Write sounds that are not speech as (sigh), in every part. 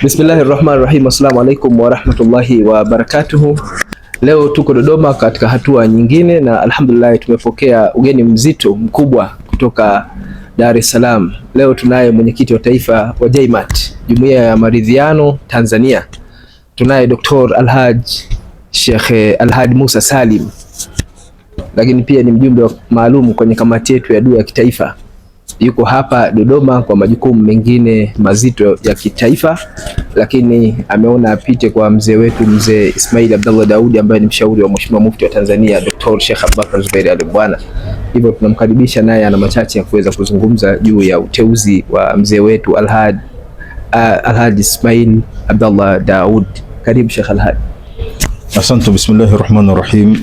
Bismillahi Rahmanir rahim. Assalamu alaikum warahmatullahi wabarakatuhu. Leo tuko Dodoma katika hatua nyingine, na alhamdulillah tumepokea ugeni mzito mkubwa kutoka Dar es Salaam. Leo tunaye mwenyekiti wa taifa wa JMAT, jumuiya ya maridhiano Tanzania. Tunaye Dr. Alhaj Sheikh Alhaj Musa Salim, lakini pia ni mjumbe maalum kwenye kamati yetu ya dua ya kitaifa yuko hapa Dodoma kwa majukumu mengine mazito ya kitaifa, lakini ameona apite kwa mzee wetu mzee Ismail Abdallah Daudi ambaye ni mshauri wa Mheshimiwa Mufti wa Tanzania Dr. Sheikh Abubakar Zubeir Ali Bwana. Hivyo tunamkaribisha naye, ana machache ya kuweza kuzungumza juu ya uteuzi wa mzee wetu Alhad uh, Alhad Ismail Abdallah Daud. Karibu Sheikh Alhad. Asante, bismillahir rahmanir rahim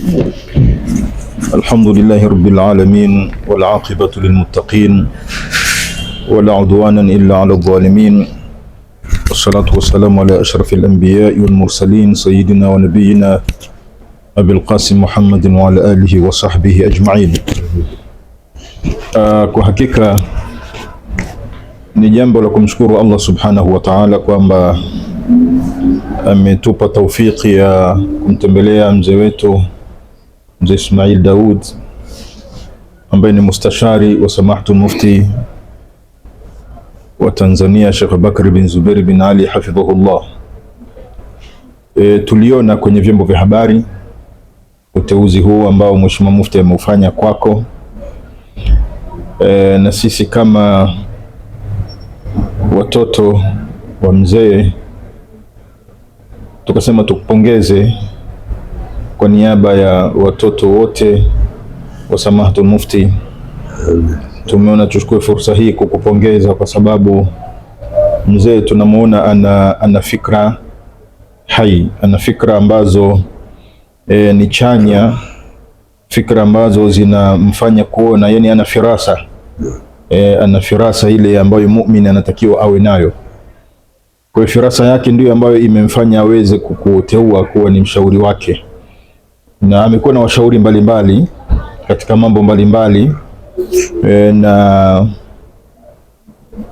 الحمد لله رب العالمين والعاقبة للمتقين ولا عدوانا إلا على الظالمين والصلاة والسلام على أشرف الأنبياء والمرسلين سيدنا ونبينا أبي القاسم محمد وعلى آله وصحبه أجمعين كحقيقة نجمع لكم شكر الله سبحانه وتعالى كما أمي توبة kwamba ametupa taufiki ya Mzee Ismail Daud ambaye ni mustashari wa samahatu mufti wa Tanzania Sheikh Bakari bin Zuberi bin Ali hafidhahullah. E, tuliona kwenye vyombo vya habari uteuzi huu ambao mheshimiwa mufti ameufanya kwako. E, na sisi kama watoto wa mzee tukasema tukupongeze kwa niaba ya watoto wote wa Samahatu Mufti, tumeona tuchukue fursa hii kukupongeza kwa sababu mzee tunamwona ana, ana fikra hai, ana fikra ambazo e, ni chanya, fikra ambazo zinamfanya kuona, yani ana firasa e, ana firasa ile ambayo muumini anatakiwa awe nayo. Kwa hiyo firasa yake ndiyo ambayo imemfanya aweze kukuteua kuwa ni mshauri wake na amekuwa na washauri mbalimbali katika mambo mbalimbali e, na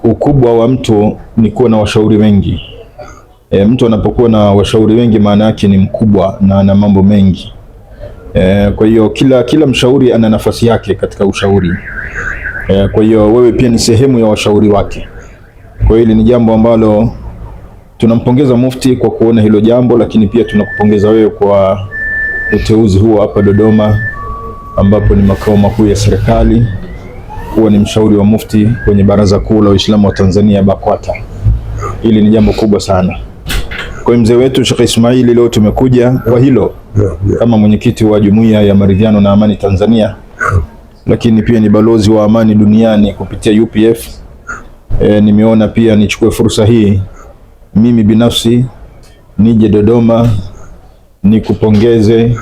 ukubwa wa mtu ni kuwa na washauri wengi e, mtu anapokuwa na washauri wengi maana yake ni mkubwa na ana mambo mengi e, kwa hiyo kila, kila mshauri ana nafasi yake katika ushauri e, kwa hiyo wewe pia ni sehemu ya washauri wake. Kwa hili ni jambo ambalo tunampongeza Mufti kwa kuona hilo jambo, lakini pia tunakupongeza wewe kwa uteuzi huo hapa Dodoma, ambapo ni makao makuu ya serikali. Huwa ni mshauri wa mufti kwenye Baraza Kuu la Waislamu wa Tanzania, BAKWATA. Hili ni jambo kubwa sana kwa mzee wetu Sheikh Ismail. Leo tumekuja kwa hilo kama mwenyekiti wa Jumuiya ya Maridhiano na Amani Tanzania, lakini pia ni balozi wa amani duniani kupitia UPF. E, nimeona pia nichukue fursa hii mimi binafsi nije Dodoma nikupongeze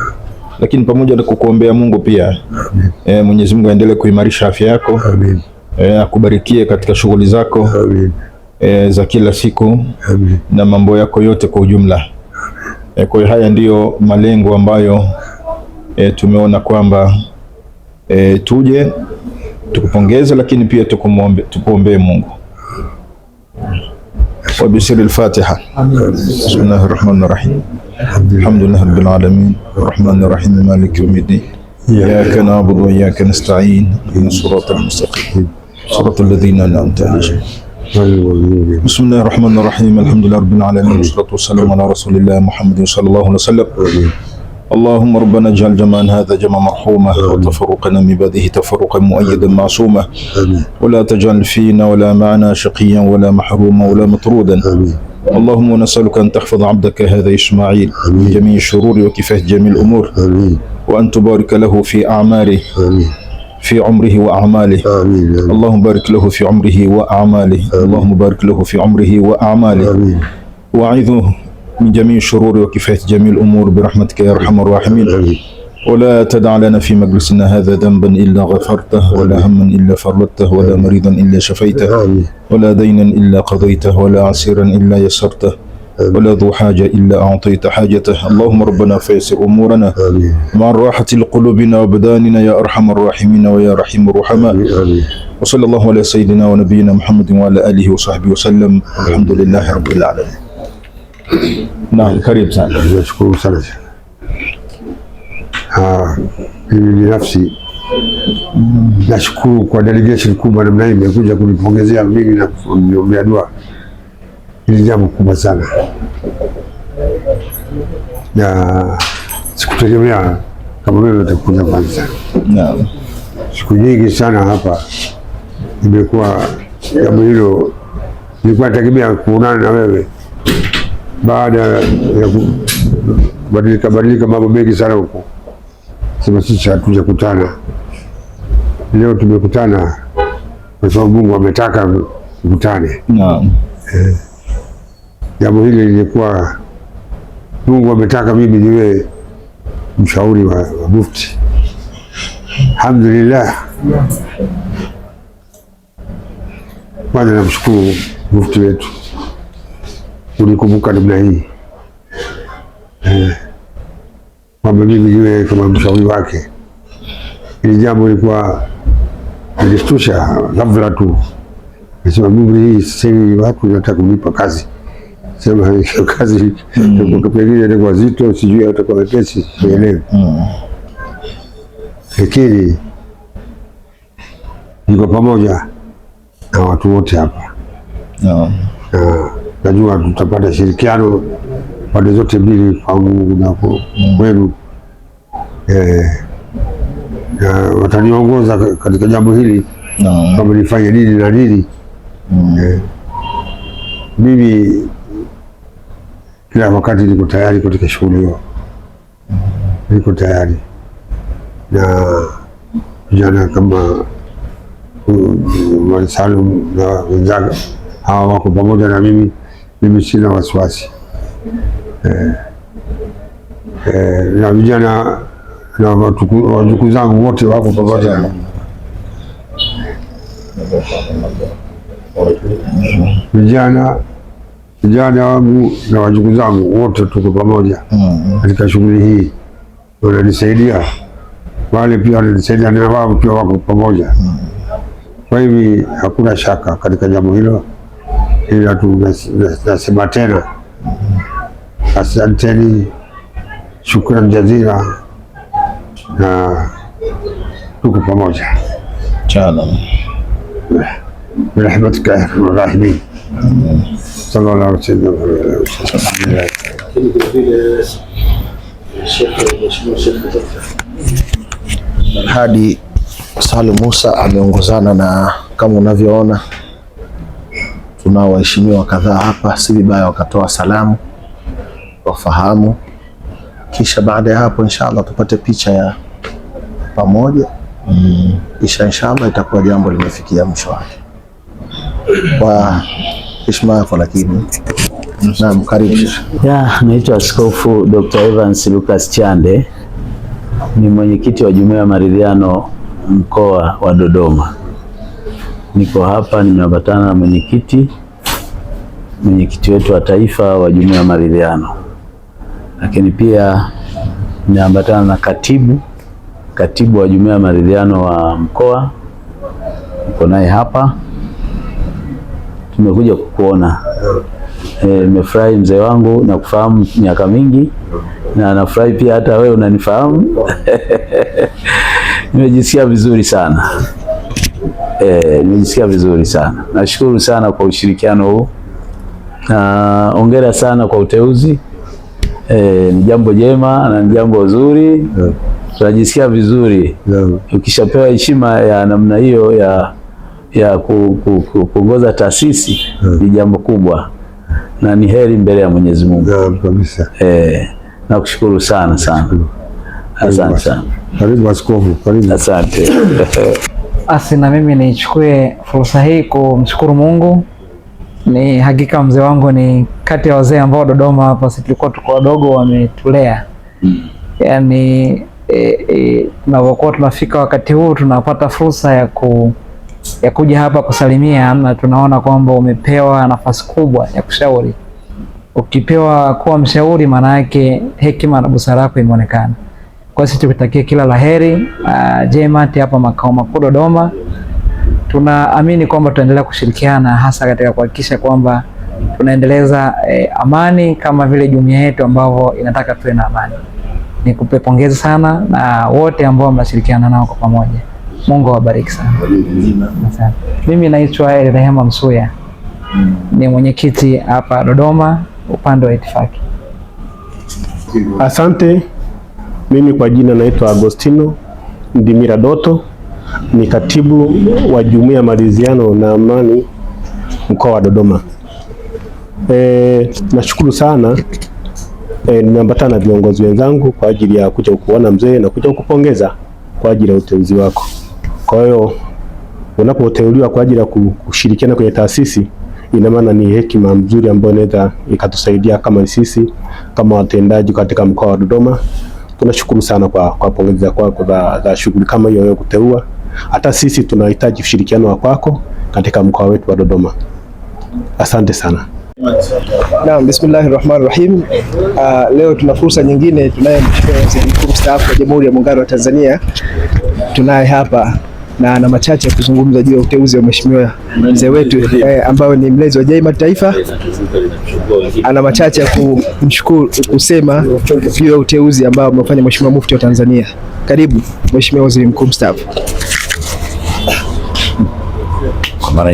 lakini pamoja na kukuombea Mungu pia e, Mwenyezi Mungu aendelee kuimarisha afya yako E, akubarikie katika shughuli zako e, za kila siku Amin. na mambo yako yote kwa ujumla e, kwa hiyo haya ndiyo malengo ambayo e, tumeona kwamba e, tuje tukupongeze, lakini pia tukuombee Mungu. وبسر الفاتحة بسم الله الرحمن الرحيم الحمد لله رب العالمين الرحمن الرحيم مالك يوم الدين إياك نعبد وإياك نستعين اهدنا الصراط المستقيم صراط الذين أنعمت عليهم بسم الله الرحمن الرحيم الحمد لله رب العالمين والصلاة والسلام على رسول الله محمد صلى الله عليه وسلم اللهم ربنا اجعل جمعنا هذا جمع مرحومه وتفرقنا من بعده تفرقا مؤيدا معصومه ولا تجعل فينا ولا معنا شقيا ولا محروما ولا مطرودا آمين. اللهم نسألك أن تحفظ عبدك هذا إسماعيل من جميع الشرور وكفاه جميع الأمور آمين. وأن تبارك له في أعماله آمين. في عمره وأعماله آمين. اللهم بارك له في عمره وأعماله آمين. اللهم بارك له في عمره وأعماله آمين. من جميع الشرور وكفاية جميع الأمور برحمتك يا أرحم الراحمين ولا تدع لنا في مجلسنا هذا ذنبا إلا غفرته ولا هما إلا فرطته ولا مريضا إلا شفيته ولا دينا إلا قضيته ولا عسيرا إلا يسرته ولا ذو حاجة إلا أعطيت حاجته اللهم ربنا فيسر أمورنا مع راحة لقلوبنا وبداننا يا أرحم الراحمين ويا رحيم الرحماء وصلى الله على سيدنا ونبينا محمد وعلى آله وصحبه وسلم الحمد لله رب العالمين (coughs) Naam, karibu sana. Nashukuru sana. Ah, mimi binafsi nashukuru kwa delegation kubwa namna hii imekuja kunipongezea mimi na kuniombea dua. Hili jambo kubwa sana na sikutegemea kama mimi nitakuja kwanza. Naam. Siku nyingi sana hapa imekuwa jambo hilo, nilikuwa nategemea kuonana na wewe baada ya kubadilika badilika mambo mengi sana huko, sema sisi hatujakutana. Leo tumekutana kwa sababu Mungu ametaka tukutane. Naam, eh, jambo hili lilikuwa Mungu ametaka mimi niwe mshauri wa, wa mufti. Alhamdulillah, kwanza namshukuru mufti wetu unikumbuka namna hii kwamba mimi niwe kama mshauri wake. Hili jambo lilikuwa nilishtusha ghafla tu, nasema mimi hii sasa watu nataka kunipa kazi sema (laughs) hiyo kazi pengine itakuwa zito, sijui atakuwa mepesi, sielewi, hmm. lakini niko pamoja na watu wote hapa no najua tutapata shirikiano pande zote mbili, kwangu na kwenu eh, e, wataniongoza katika jambo hili kama nifanye nini na nini mm. E, mimi kila wakati niko tayari katika shughuli hiyo, niko tayari na vijana kama mm, Mwalimu na wenzake hawa wako pamoja na mimi mimi sina wasiwasi eh, eh, na vijana na wajukuu zangu wote wako pamoja na vijana vijana wangu na wajukuu zangu wote tuko pamoja katika shughuli hii, wananisaidia wale pia wananisaidia, na wao pia wako pamoja. Kwa hivi hakuna shaka katika jambo hilo ila tu nasema tena, asanteni, shukran jazira na tuko pamoja birahmatika ya arhamar rahimin. Hadi Salim Musa ameongozana na kama unavyoona Tunao waheshimiwa kadhaa hapa, si vibaya wakatoa salamu, wafahamu, kisha baada ya hapo inshallah tupate picha ya pamoja mm. Kisha inshallah itakuwa jambo limefikia mwisho wake kwa heshima yako, lakini naam, karibu. Naitwa Askofu Dr. Evans Lucas Chande, ni mwenyekiti wa Jumuiya ya Maridhiano mkoa wa Dodoma. Niko hapa nimeambatana na mwenyekiti mwenyekiti wetu wa taifa wa jumuiya ya maridhiano, lakini pia nimeambatana na katibu katibu wa jumuiya ya maridhiano wa mkoa, niko naye hapa. Tumekuja kukuona. E, nimefurahi e, mzee wangu na kufahamu miaka mingi, na nafurahi pia hata wewe unanifahamu (laughs) nimejisikia vizuri sana eh, nijisikia vizuri sana. Nashukuru sana kwa ushirikiano huu na ongera sana kwa uteuzi eh, ni jambo jema na ni jambo zuri yeah. Tunajisikia vizuri yeah. Ukishapewa heshima ya namna hiyo ya ya kuongoza taasisi yeah. Ni jambo kubwa na ni heri mbele ya Mwenyezi Mungu yeah, kabisa. Eh, nakushukuru sana sana, asante sana. Karibu askofu, karibu. Asante. (laughs) Asi na mimi nichukue fursa hii kumshukuru Mungu. Ni hakika mzee wangu ni kati ya wazee ambao Dodoma hapa sisi tulikuwa tuko wadogo wametulea. Mm. Yaani e, e, tunafika wakati huu tunapata fursa ya ku ya kuja hapa kusalimia na tunaona kwamba umepewa nafasi kubwa ya kushauri. Ukipewa kuwa mshauri, maana yake hekima na busara yako imeonekana. Kwa sisi tukutakia kila laheri uh, ah, hapa makao makuu Dodoma. Tunaamini kwamba tutaendelea kushirikiana hasa katika kuhakikisha kwamba tunaendeleza eh, amani kama vile jumuiya yetu ambavyo inataka tuwe na amani. Nikupe pongezi sana na wote ambao mnashirikiana nao kwa pamoja. Mungu awabariki sana. Mimi naitwa rehema Msuya ni mwenyekiti hapa Dodoma upande wa itifaki. Asante. Mimi kwa jina naitwa Agostino Ndimira Doto, ni katibu wa Jumuiya ya Maridhiano na Amani mkoa wa Dodoma. E, nashukuru sana e, nimeambatana na viongozi wenzangu kwa ajili ya kuja kuona mzee na kuja kukupongeza kwa ajili ya uteuzi wako. Kwa hiyo unapoteuliwa kwa ajili ya kushirikiana kwenye taasisi ina maana ni hekima mzuri ambayo inaweza ikatusaidia kama sisi kama watendaji katika mkoa wa Dodoma tunashukuru sana kwa, kwa pongezi kwako za, za shughuli kama hiyo ya kuteua. Hata sisi tunahitaji ushirikiano wa kwako katika mkoa wetu wa Dodoma. Asante sana. Naam, bismillahi rahmani rahim. Uh, leo tuna fursa nyingine, tunaye mheshimiwa waziri mkuu mstaafu wa Jamhuri ya Muungano wa Tanzania, tunaye hapa na na machache ya kuzungumza juu ya uteuzi wa mheshimiwa mzee wetu eh, ambao ni mlezi wa Jaima Taifa. Ana machache ya kumshukuru kusema juu ya uteuzi ambao amefanya mheshimiwa mufti wa Tanzania. Karibu mheshimiwa waziri mkuu mstaafu.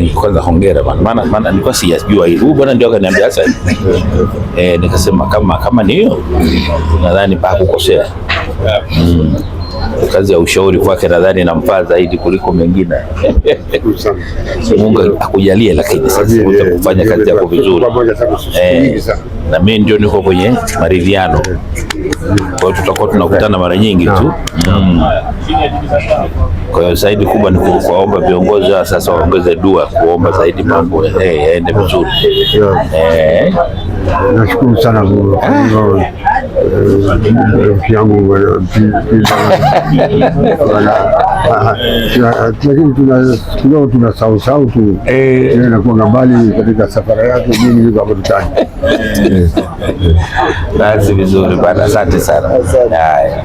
ni kwanza hongera bwana, maana maana nilikuwa sijajua hili. Huyu bwana ndio akaniambia sasa, eh, nikasema kama kama ni hiyo, nadhani pa kukosea. Mm kazi ya ushauri kwake nadhani nampaa zaidi kuliko mengine. Mungu akujalie, lakini sasa eh, kufanya kazi yako vizuri eh, na mimi ndio niko kwenye maridhiano, eh. kwa hiyo tutakuwa tunakutana mara nyingi tu mm. Kwa hiyo zaidi kubwa ni kuwaomba viongozi sasa waongeze dua kuomba zaidi mambo eh, yaende vizuri eh. Nashukuru sana eh, rafiki yangu, (laughs) ah, lakini kidogo tuna sausau tu eh. nakuanga mbali katika safara yake, mimi niko hapa tutani. (laughs) Basi vizuri bana, asante sana. Haya.